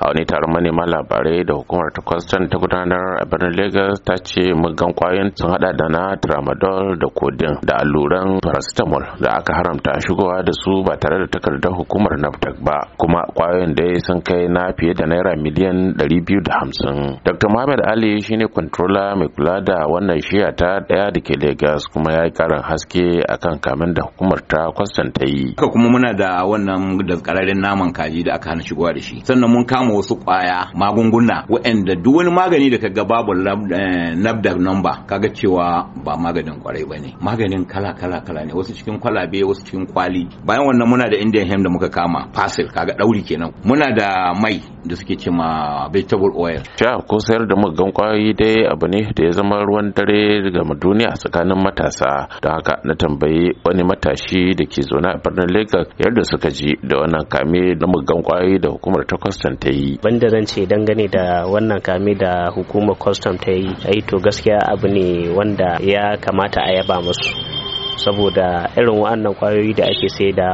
a wani taron manema labarai da hukumar ta kwastan ta gudanar a birnin lagos ta ce muggan kwayoyin sun hada da na tramadol da kodin da alluran paracetamol da aka haramta shigowa da su ba tare da takardar hukumar naftak ba kuma kwayoyin da sun kai na fiye da naira miliyan da hamsin. dr muhammad ali shine kontrola mai kula da wannan shiya ta daya da ke lagos kuma ya yi karin haske akan kamin da hukumar ta kwastan ta yi haka kuma muna da wannan daskararren naman kaji da aka hana shigowa da shi sannan mun kama samu wasu kwaya magunguna waɗanda duk wani magani da kaga babu nabda eh, number kaga cewa ba maganin kwarai bane maganin kala kala kala ne wasu cikin kwalabe wasu cikin kwali bayan wannan muna da indian hem da muka kama fasil kaga dauri kenan muna da mai da suke ce ma vegetable oil sha ko sayar da muggan kwayoyi dai abu ne da ya zama ruwan dare ga duniya tsakanin matasa don haka na tambayi wani matashi da ke zaune a birnin lagos yadda suka ji da wannan kame na muggan kwayoyi da hukumar ta kwastan yi banda zan ce dangane da wannan kame da hukumar custom ta yi ai to gaskiya abu ne wanda ya kamata a yaba musu saboda irin wa'annan kwayoyi da ake sai da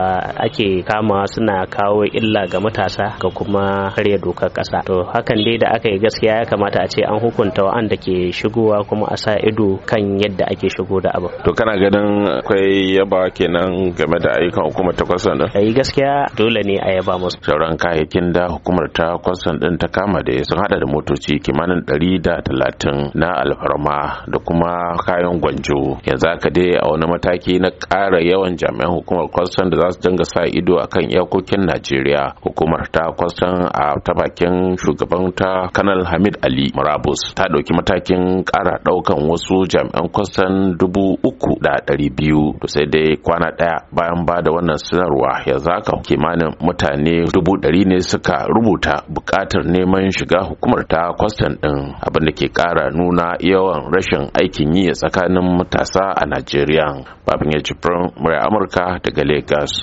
ake kama suna kawo illa ga matasa ga kuma karya dokar kasa to hakan dai da aka yi gaskiya ya kamata a ce an hukunta wa'anda ke shigowa kuma a sa ido kan yadda ake shigo da abu to kana ganin akwai yaba kenan game da ayyukan hukumar ta kwasan din Yi gaskiya dole ne a yaba musu sauran kayayyakin da hukumar ta kwasan din ta kama da sun hada da motoci kimanin talatin na alfarma da kuma kayan gwanjo yanzu aka dai a wani mataki mataki na ƙara yawan jami'an hukumar kwastan da za su dinga sa ido a kan iyakokin najeriya hukumar ta kwastan a ta bakin shugaban ta kanal hamid ali murabus ta ɗauki matakin ƙara ɗaukan wasu jami'an kwastan dubu uku da ɗari biyu to sai dai kwana ɗaya bayan ba da wannan sanarwa ya zaka kimanin mutane dubu ɗari ne suka rubuta buƙatar neman shiga hukumar ta kwastan ɗin abin da ke ƙara nuna yawan rashin aikin yi tsakanin matasa a najeriya babin ya ci murai amurka daga lagos